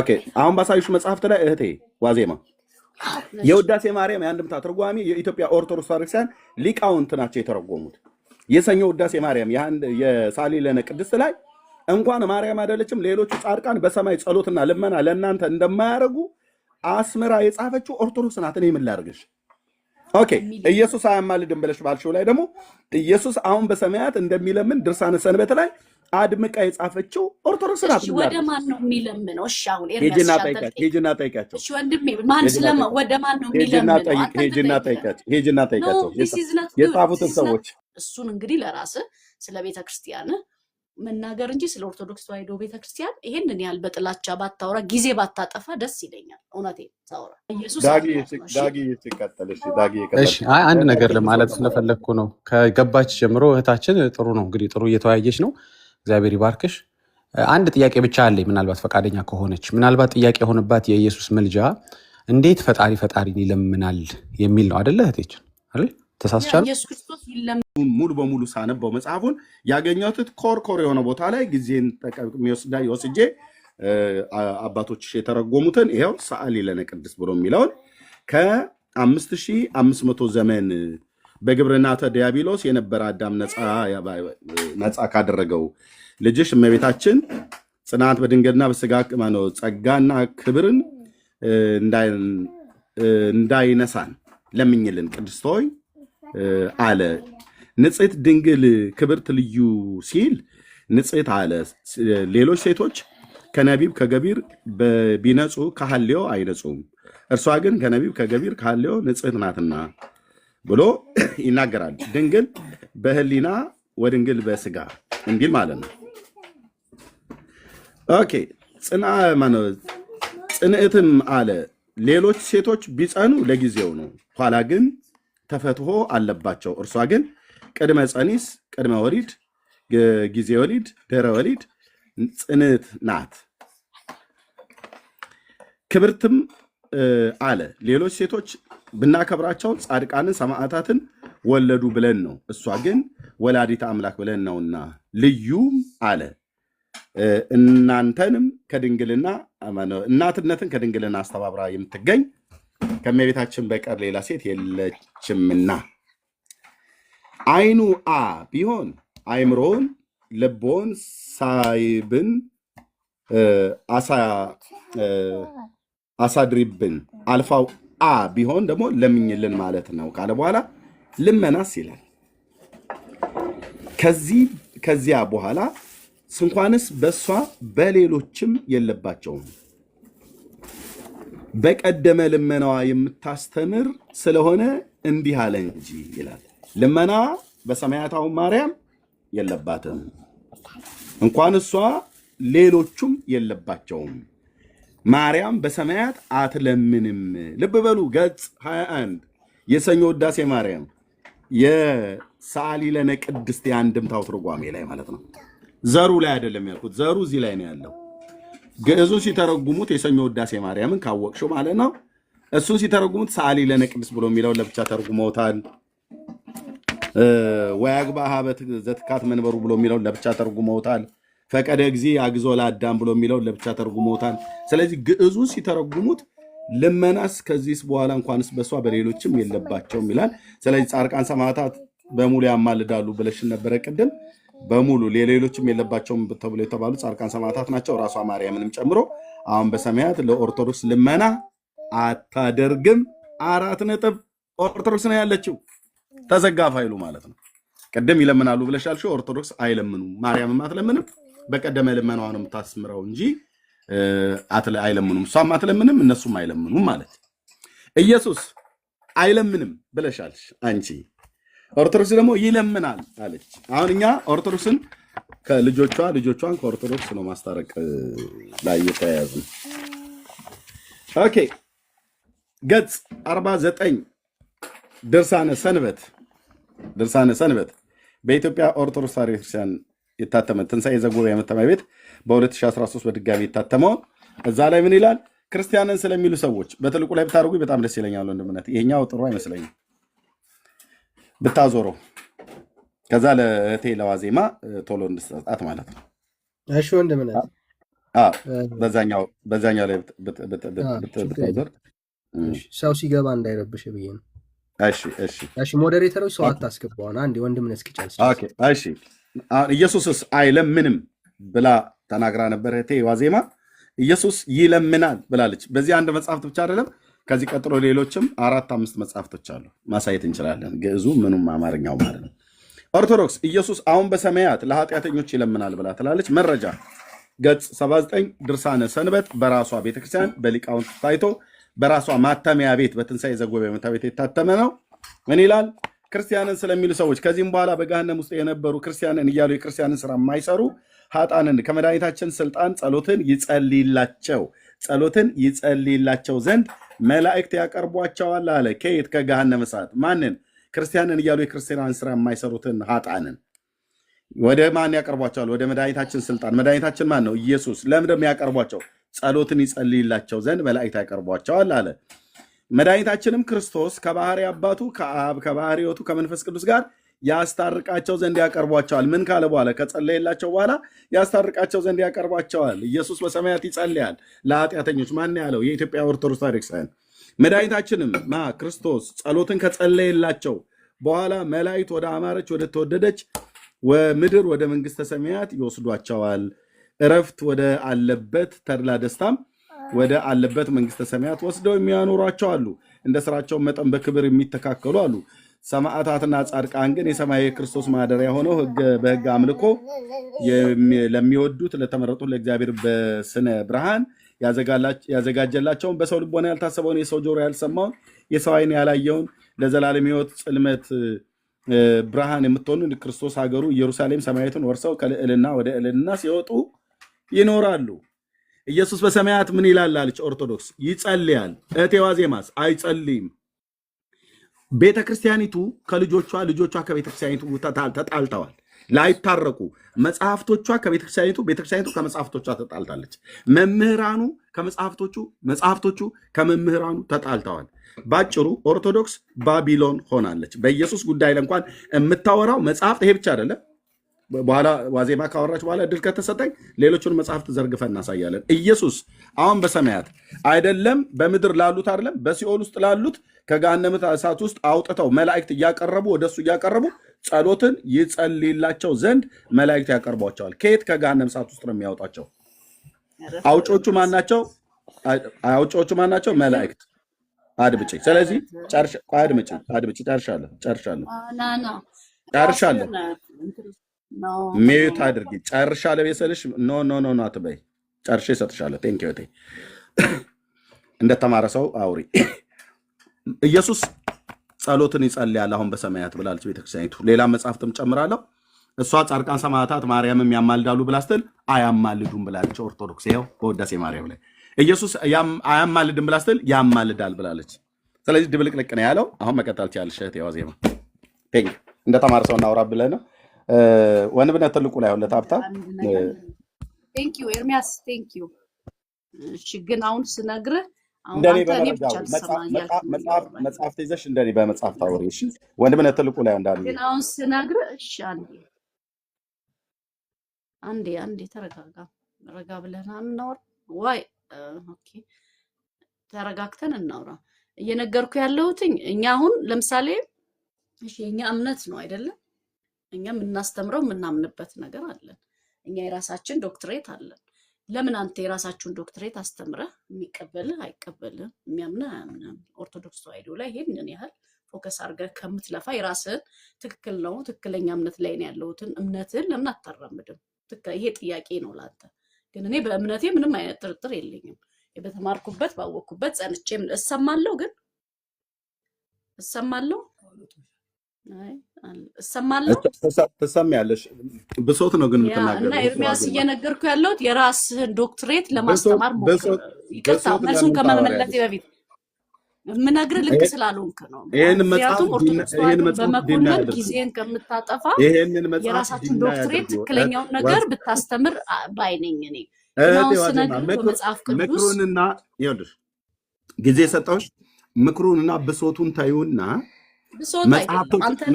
ኦኬ አሁን ባሳዩሽ መጽሐፍት ላይ እህቴ ዋዜማ የውዳሴ ማርያም የአንድምታ ትርጓሜ የኢትዮጵያ ኦርቶዶክስ ቤተክርስቲያን ሊቃውንት ናቸው የተረጎሙት። የሰኞ ውዳሴ ማርያም የሳሊለነ ቅድስት ላይ እንኳን ማርያም አይደለችም ሌሎቹ ጻድቃን በሰማይ ጸሎትና ልመና ለእናንተ እንደማያደርጉ አስምራ የጻፈችው ኦርቶዶክስ ናት። እኔ ምን ላድርግሽ? ኦኬ ኢየሱስ አያማልድም ብለሽ ባልሽው ላይ ደግሞ ኢየሱስ አሁን በሰማያት እንደሚለምን ድርሳነ ሰንበት ላይ አድምቃ የጻፈችው ኦርቶዶክስ ናት። ወደ ማን ነው የሚለምነው? እሺ አሁን ሄጂና ጠይቂያቸው፣ ሄጂና ጠይቂያቸው። እሺ ወንድሜ ማን ስለማ ወደ ማን ነው የሚለምነው? ሄጂና ጠይቂያቸው፣ ሄጂና ጠይቂያቸው የጻፉትን ሰዎች። እሱን እንግዲህ ለራስ ስለ ቤተክርስቲያን መናገር እንጂ ስለ ኦርቶዶክስ ተዋሕዶ ቤተክርስቲያን ይሄንን ያህል በጥላቻ ባታወራ ጊዜ ባታጠፋ ደስ ይለኛል። እውነቴ አንድ ነገር ለማለት ስለፈለግኩ ነው። ከገባች ጀምሮ እህታችን ጥሩ ነው እንግዲህ ጥሩ እየተወያየች ነው። እግዚአብሔር ይባርክሽ። አንድ ጥያቄ ብቻ አለኝ፣ ምናልባት ፈቃደኛ ከሆነች ምናልባት ጥያቄ የሆነባት የኢየሱስ ምልጃ እንዴት ፈጣሪ ፈጣሪን ይለምናል የሚል ነው አደለ እህቴችን አይደል? ተሳስቻል። ኢየሱስ ክርስቶስ ሙሉ በሙሉ ሳነበው መጽሐፉን ያገኘሁት ኮር ኮር የሆነ ቦታ ላይ ጊዜን ጠቀሚወስዳ ወስጄ አባቶች የተረጎሙትን ይኸው ሰአሊ ለነ ቅድስ ብሎ የሚለውን ከአምስት ሺህ አምስት መቶ ዘመን በግብርናተ ዲያብሎስ የነበረ አዳም ነፃ ካደረገው ልጅሽ እመቤታችን ጽናት በድንገትና በስጋ ማነው ጸጋና ክብርን እንዳይነሳን ለምኝልን ቅድስት ሆይ አለ። ንጽሕት ድንግል ክብርት ልዩ ሲል ንጽሕት አለ። ሌሎች ሴቶች ከነቢብ ከገቢር ቢነጹ ከሐልዮ አይነጹም፣ እርሷ ግን ከነቢብ ከገቢር ከሐልዮ ንጽሕት ናትና ብሎ ይናገራል። ድንግል በህሊና ወድንግል በስጋ እንዲል ማለት ነው። ኦኬ ጽንአ ጽንዕትም አለ ሌሎች ሴቶች ቢጸኑ ለጊዜው ነው፣ ኋላ ግን ተፈትሆ አለባቸው። እርሷ ግን ቅድመ ፀኒስ፣ ቅድመ ወሊድ፣ ጊዜ ወሊድ፣ ድህረ ወሊድ ጽንት ናት። ክብርትም አለ ሌሎች ሴቶች ብናከብራቸው ጻድቃንን ሰማዕታትን ወለዱ ብለን ነው፣ እሷ ግን ወላዲታ አምላክ ብለን ነውና። ልዩም አለ እናንተንም ከድንግልና እናትነትን ከድንግልና አስተባብራ የምትገኝ ከእመቤታችን በቀር ሌላ ሴት የለችምና አይኑ አ ቢሆን አይምሮን ልቦን ሳይብን አሳድሪብን አልፋው አ ቢሆን ደግሞ ለምኝልን ማለት ነው ካለ በኋላ ልመናስ ይላል። ከዚያ በኋላ ስንኳንስ በእሷ በሌሎችም የለባቸውም። በቀደመ ልመናዋ የምታስተምር ስለሆነ እንዲህ አለ እንጂ ይላል። ልመና በሰማያታው ማርያም የለባትም፣ እንኳን እሷ ሌሎቹም የለባቸውም። ማርያም በሰማያት አትለምንም። ልብ በሉ ገጽ 21 የሰኞ ውዳሴ ማርያም የሰዓሊ ለነ ቅድስት የአንድምታው ትርጓሜ ላይ ማለት ነው። ዘሩ ላይ አይደለም ያልኩት፣ ዘሩ እዚህ ላይ ነው ያለው። ግዕዙን ሲተረጉሙት የሰኞ ውዳሴ ማርያምን ካወቅሽው ማለት ነው። እሱን ሲተረጉሙት ሰዓሊ ለነቅድስ ብሎ የሚለውን ለብቻ ተርጉመውታል። ወያግባእ ሀበት ዘትካት መንበሩ ብሎ የሚለውን ለብቻ ተርጉመውታል። ፈቀደ ጊዜ አግዞ ለአዳም ብሎ የሚለውን ለብቻ ተርጉመውታል። ስለዚህ ግዕዙን ሲተረጉሙት ልመናስ ከዚህስ በኋላ እንኳንስ በሷ በሌሎችም የለባቸውም ይላል። ስለዚህ ጻድቃን ሰማዕታት በሙሉ ያማልዳሉ ብለሽን ነበረ ቅድም በሙሉ ሌሎችም የለባቸውም ተብሎ የተባሉ ጻድቃን ሰማዕታት ናቸው። ራሷ ማርያምንም ጨምሮ አሁን በሰማያት ለኦርቶዶክስ ልመና አታደርግም። አራት ነጥብ። ኦርቶዶክስ ነው ያለችው። ተዘጋ ፋይሉ ማለት ነው። ቅድም ይለምናሉ ብለሻል። ኦርቶዶክስ አይለምኑም። ማርያምም አትለምንም። በቀደመ ልመናዋ ነው የምታስምረው እንጂ አይለምኑም። እሷም አትለምንም፣ እነሱም አይለምኑም ማለት ኢየሱስ አይለምንም ብለሻል አንቺ ኦርቶዶክስ ደግሞ ይለምናል አለች። አሁን እኛ ኦርቶዶክስን ከልጆቿ ልጆቿን ከኦርቶዶክስ ነው ማስታረቅ ላይ የተያያዙ። ኦኬ ገጽ 49 ድርሳነ ሰንበት ድርሳነ ሰንበት በኢትዮጵያ ኦርቶዶክስ ተዋሕዶ ቤተክርስቲያን የታተመ ትንሣኤ ዘጉባኤ መታመያ ቤት በ2013 በድጋሚ የታተመው እዛ ላይ ምን ይላል? ክርስቲያንን ስለሚሉ ሰዎች በትልቁ ላይ ብታደርጉ በጣም ደስ ይለኛል። ወንድምነት ይሄኛው ጥሩ አይመስለኝም። ብታዞረው ከዛ ለእቴ ለዋዜማ ቶሎ እንድሰጣት ማለት ነው። እሺ ወንድም በዛኛው ላይ ብታዞር ሰው ሲገባ እንዳይረብሽ ብዬ ነው። እሺ ሞዴሬተሮች ሰው አታስገባውን። አንዴ ወንድምነ እስኪጨርስ እሺ። ኢየሱስስ አይለምንም ብላ ተናግራ ነበር እቴ ዋዜማ። ኢየሱስ ይለምናል ብላለች። በዚህ አንድ መጽሐፍት ብቻ አይደለም ከዚህ ቀጥሎ ሌሎችም አራት አምስት መጽሐፍቶች አሉ ማሳየት እንችላለን። ግዕዙ ምኑም አማርኛው ማለት ነው። ኦርቶዶክስ ኢየሱስ አሁን በሰማያት ለኃጢአተኞች ይለምናል ብላ ትላለች። መረጃ ገጽ 79 ድርሳነ ሰንበት በራሷ ቤተክርስቲያን በሊቃውንት ታይቶ በራሷ ማተሚያ ቤት በትንሣኤ ዘጉባኤ መታ ቤት የታተመ ነው። ምን ይላል? ክርስቲያንን ስለሚሉ ሰዎች ከዚህም በኋላ በገሃነም ውስጥ የነበሩ ክርስቲያንን እያሉ የክርስቲያንን ስራ የማይሰሩ ሀጣንን ከመድኃኒታችን ስልጣን ጸሎትን ይጸልይላቸው ጸሎትን ይጸልይላቸው ዘንድ መላእክት ያቀርቧቸዋል አለ። ከየት ከገሃነመ እሳት ማንን? ክርስቲያንን እያሉ የክርስቲያንን ስራ የማይሰሩትን ሀጣንን ወደ ማን ያቀርቧቸዋል? ወደ መድኃኒታችን ስልጣን። መድኃኒታችን ማን ነው? ኢየሱስ። ለምንድን ነው ያቀርቧቸው? ጸሎትን ይጸልይላቸው ዘንድ መላእክት ያቀርቧቸዋል አለ። መድኃኒታችንም ክርስቶስ ከባህሪ አባቱ ከአብ ከባህሪ ሕይወቱ ከመንፈስ ቅዱስ ጋር ያስታርቃቸው ዘንድ ያቀርቧቸዋል። ምን ካለ በኋላ ከጸለየላቸው በኋላ ያስታርቃቸው ዘንድ ያቀርቧቸዋል። ኢየሱስ በሰማያት ይጸልያል ለኃጢአተኞች። ማን ያለው? የኢትዮጵያ ኦርቶዶክስ ታሪክሳያን መድኃኒታችንም ማ ክርስቶስ ጸሎትን ከጸለየላቸው በኋላ መላእክት ወደ አማረች ወደ ተወደደች ምድር ወደ መንግስተ ሰማያት ይወስዷቸዋል። እረፍት ወደ አለበት ተድላ ደስታም ወደ አለበት መንግስተ ሰማያት ወስደው የሚያኖሯቸው አሉ። እንደ ስራቸው መጠን በክብር የሚተካከሉ አሉ። ሰማዕታትና ጻድቃን ግን የሰማያዊ ክርስቶስ ማደሪያ ሆነው በህግ አምልኮ ለሚወዱት ለተመረጡት ለእግዚአብሔር በስነ ብርሃን ያዘጋጀላቸውን በሰው ልቦና ያልታሰበውን የሰው ጆሮ ያልሰማውን የሰው ዓይን ያላየውን ለዘላለም ህይወት ጽልመት ብርሃን የምትሆኑ ክርስቶስ ሀገሩ ኢየሩሳሌም ሰማያዊቱን ወርሰው ከልዕልና ወደ ዕልና ሲወጡ ይኖራሉ። ኢየሱስ በሰማያት ምን ይላል አለች ኦርቶዶክስ። ይጸልያል። እቴዋ ዜማስ አይጸልይም። ቤተ ክርስቲያኒቱ ከልጆቿ ልጆቿ ከቤተ ክርስቲያኒቱ ተጣልተዋል፣ ላይታረቁ መጽሐፍቶቿ ከቤተ ክርስቲያኒቱ ቤተ ክርስቲያኒቱ ከመጽሐፍቶቿ ተጣልታለች። መምህራኑ ከመጽሐፍቶቹ መጽሐፍቶቹ ከመምህራኑ ተጣልተዋል። ባጭሩ ኦርቶዶክስ ባቢሎን ሆናለች። በኢየሱስ ጉዳይ ላይ እንኳን የምታወራው መጽሐፍት ይሄ ብቻ አይደለም። በኋላ ዋዜማ ካወራች በኋላ እድል ከተሰጠኝ ሌሎቹን መጽሐፍት ዘርግፈን እናሳያለን። ኢየሱስ አሁን በሰማያት አይደለም በምድር ላሉት አይደለም በሲኦል ውስጥ ላሉት ከገሃነመ እሳት ውስጥ አውጥተው መላእክት እያቀረቡ ወደ እሱ እያቀረቡ ጸሎትን ይጸልይላቸው ዘንድ መላእክት ያቀርቧቸዋል። ከየት ከገሃነመ እሳት ውስጥ ነው የሚያወጣቸው? አውጮቹ ማናቸው? አውጮቹ ማናቸው? መላእክት አድምጪ። ስለዚህ ጨርሻ፣ አድምጪ፣ አድምጪ። ጨርሻለሁ፣ ጨርሻለሁ፣ ጨርሻለሁ ሚዩት አድርጊ። ጨርሻ ለቤሰልሽ ኖ ኖ ኖ ኖ አትበይ። ጨርሼ እሰጥሻለሁ። ቴንክ ዩ ቴይ እንደተማረ ሰው አውሪ። ኢየሱስ ጸሎትን ይጸልያል አሁን በሰማያት ብላለች ቤተክርስቲያኒቱ። ሌላ መጽሐፍትም ጨምራለሁ። እሷ ጻድቃን ሰማዕታት ማርያምም ያማልዳሉ ብላ ስትል አያማልዱም ብላለች ኦርቶዶክስ። ይኸው በወዳሴ ማርያም ላይ ኢየሱስ አያማልድም ብላ ስትል ያማልዳል ብላለች። ስለዚህ ድብልቅልቅ ነው ያለው። አሁን መቀጠል ትችያለሽ እህቴ ዋዜማ። እንደተማረ ሰው እናውራ ብለህ ነው ወንብነት ትልቁ ላይ ሁለት ሀብታ ቴንኪው ኤርሚያስ ቴንኪው። እሺ ግን አሁን ስነግርህ መጽሐፍ ተይዘሽ እንደኔ በመጽሐፍ ታወሪ። እሺ ወንድምነት ትልቁ ላይ እንዳለ ግን አሁን ስነግርህ እሺ። አንዴ አንዴ አንዴ ተረጋጋ። ረጋ ብለና እናወራ ዋይ ኦኬ፣ ተረጋግተን እናውራ። እየነገርኩ ያለሁትኝ እኛ አሁን ለምሳሌ እሺ፣ የኛ እምነት ነው አይደለም እኛ የምናስተምረው የምናምንበት ነገር አለን። እኛ የራሳችን ዶክትሬት አለን። ለምን አንተ የራሳችሁን ዶክትሬት አስተምረህ የሚቀበልህ አይቀበልህ፣ የሚያምንህ አያምንም። ኦርቶዶክስ ተዋሕዶ ላይ ይህንን ያህል ፎከስ አድርገህ ከምትለፋ የራስህን ትክክል ነው ትክክለኛ እምነት ላይ ነው ያለሁትን እምነትህን ለምን አታራምድም? ይሄ ጥያቄ ነው ለአንተ። ግን እኔ በእምነቴ ምንም አይነት ጥርጥር የለኝም። በተማርኩበት ባወቅኩበት ጸንቼ እሰማለሁ ግን እሰማለሁ ትሰማያለሽ። ብሶት ነው ግን የምትናገረው እና ኤርሚያስ እየነገርኩ ያለሁት የራስህን ዶክትሬት ለማስተማር ይቅርታ፣ መልሱን በፊት የምነግርህ ልክ ስላልሆንክ ነው። በመኮንን ጊዜን ከምታጠፋ የራሳችን ዶክትሬት ትክክለኛውን ነገር ብታስተምር እኔ ጊዜ ሰጠሁሽ ምክሩንና ብሶቱን ብሶትብሶትኖሮብቻ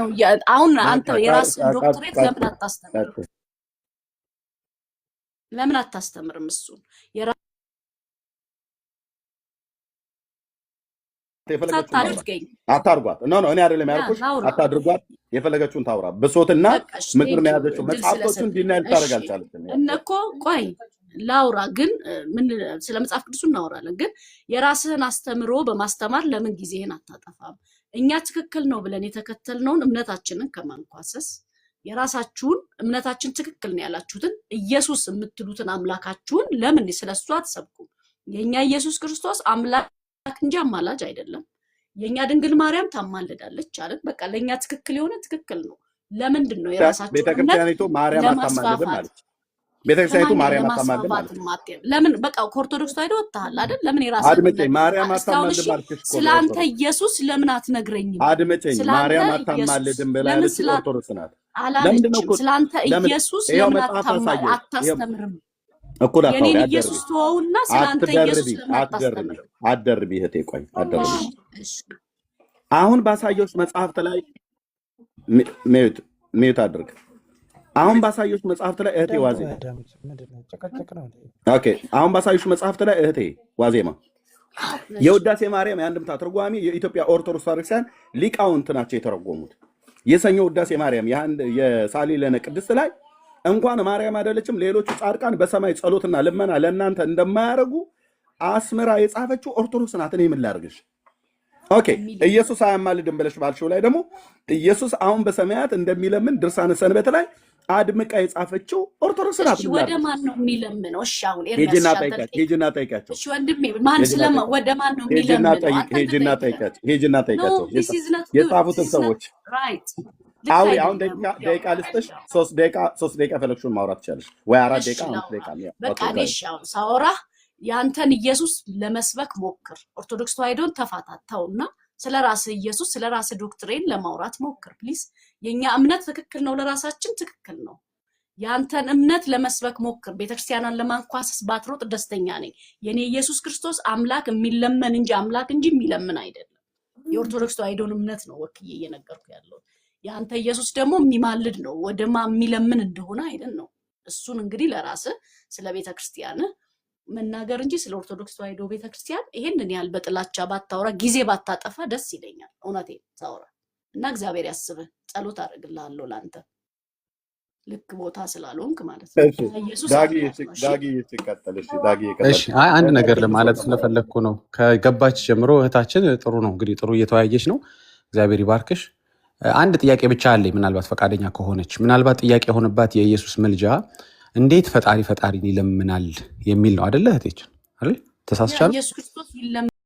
ነው። አሁን አንተ የራስን ዶክትሬት ለምን አታስተምርም? ለምን አታስተምርም? እሱን አታድርጓት። ኖ እኔ አይደለም ያልኩሽ፣ አታድርጓት። የፈለገችውን ታውራ። ብሶትና ምክር ነው የያዘችው። መጽሐፍቶቹን ዲናይል ታደርግ አልቻለችም እኮ ቆይ ላውራ ግን ምን ስለ መጽሐፍ ቅዱሱ እናወራለን። ግን የራስህን አስተምሮ በማስተማር ለምን ጊዜህን አታጠፋም? እኛ ትክክል ነው ብለን የተከተልነውን እምነታችንን ከማንኳሰስ የራሳችሁን እምነታችን ትክክል ነው ያላችሁትን ኢየሱስ የምትሉትን አምላካችሁን ለምን ስለ እሱ አትሰብኩም? የእኛ ኢየሱስ ክርስቶስ አምላክ እንጂ አማላጅ አይደለም። የእኛ ድንግል ማርያም ታማልዳለች አለን። በቃ ለእኛ ትክክል የሆነ ትክክል ነው። ለምንድን ነው የራሳችሁ ቤተክርስቲያኒቱ ማርያም አታማልድም አለች። ቤተክርስቲያኒቱ ማርያም አታማልድም ለምን? በቃ ከኦርቶዶክስ ተዋሕዶ ወጥተሃል አይደል? ለምን የራስህ አድምጨኝ። ማርያም አታማልድም ማለት ስለአንተ ኢየሱስ ለምን አትነግረኝም? አድምጨኝ። ማርያም አታማልድም ብላ ኦርቶዶክስ ናት። ለምንድን ስለአንተ ኢየሱስ ለምን አታስተምርም? እኩል አታውሪ። ኢየሱስ ተወውና ስለአንተ ኢየሱስ ለምን አትደርቢ እህቴ፣ ቆይ አትደርቢ። አሁን ባሳየሁሽ መጽሐፍት ላይ ሚዩት ሚዩት አድርግ አሁን ባሳዮች መጽሐፍት ላይ እህቴ ዋዜ አሁን ባሳዮች መጽሐፍት ላይ እህቴ ዋዜማ የውዳሴ ማርያም የአንድምታ ትርጓሚ የኢትዮጵያ ኦርቶዶክስ ክርስቲያን ሊቃውንት ናቸው የተረጎሙት። የሰኞ ውዳሴ ማርያም የሳሊለነ ቅድስት ላይ እንኳን ማርያም አይደለችም ሌሎቹ ጻድቃን በሰማይ ጸሎትና ልመና ለእናንተ እንደማያደርጉ አስምራ የጻፈችው ኦርቶዶክስ ናት። እኔ ምን ላድርግሽ? ኦኬ ኢየሱስ አያማልድም ብለሽ ባልሽው ላይ ደግሞ ኢየሱስ አሁን በሰማያት እንደሚለምን ድርሳነ ሰንበት ላይ አድምቃ የጻፈችው ኦርቶዶክስ ናት። ወደ ማን ነው የሚለምነው? እሺ አሁን ሄጅና ጠይቃቸው፣ ሄጅና ጠይቃቸው። እሺ ወንድሜ፣ ማን ስለማ ወደ ማን ነው የሚለምነው? ሄጅና ጠይቃቸው፣ ሄጅና ጠይቃቸው የጻፉትን ሰዎች። አዎ አሁን ደቂቃ ልስጥሽ፣ ሶስት ደቂቃ ሶስት ደቂቃ ፈለግሽውን ማውራት ትችላለሽ ወይ አራት ደቂቃ አምስት ደቂቃ በቃ። እሺ አሁን ሳወራ የአንተን ኢየሱስ ለመስበክ ሞክር። ኦርቶዶክስ ተዋሕዶን ተፋታታውና ስለ ራስህ ኢየሱስ ስለ ራስህ ዶክትሬን ለማውራት ሞክር ፕሊዝ። የእኛ እምነት ትክክል ነው፣ ለራሳችን ትክክል ነው። የአንተን እምነት ለመስበክ ሞክር። ቤተክርስቲያኗን ለማንኳሰስ ባትሮጥ ደስተኛ ነኝ። የእኔ ኢየሱስ ክርስቶስ አምላክ የሚለመን እንጂ አምላክ እንጂ የሚለምን አይደለም። የኦርቶዶክስ ተዋሕዶን እምነት ነው ወክዬ እየነገርኩ ያለው። የአንተ ኢየሱስ ደግሞ የሚማልድ ነው፣ ወደማ የሚለምን እንደሆነ አይደል ነው። እሱን እንግዲህ ለራስ ስለ ቤተክርስቲያን መናገር እንጂ ስለ ኦርቶዶክስ ተዋሕዶ ቤተክርስቲያን ይሄንን ያህል በጥላቻ ባታወራ ጊዜ ባታጠፋ ደስ ይለኛል። እውነቴን ሳወራ እና እግዚአብሔር ያስበ ጸሎት አደርግልሃለሁ ለአንተ ልክ ቦታ ስላልሆንክ ማለት ነው። አንድ ነገር ለማለት ስለፈለግኩ ነው። ከገባች ጀምሮ እህታችን ጥሩ ነው እንግዲህ ጥሩ እየተወያየች ነው። እግዚአብሔር ይባርክሽ። አንድ ጥያቄ ብቻ አለኝ፣ ምናልባት ፈቃደኛ ከሆነች ምናልባት ጥያቄ የሆነባት የኢየሱስ ምልጃ እንዴት ፈጣሪ ፈጣሪን ይለምናል የሚል ነው አደለ? እህቴችን ተሳስቻለሁ።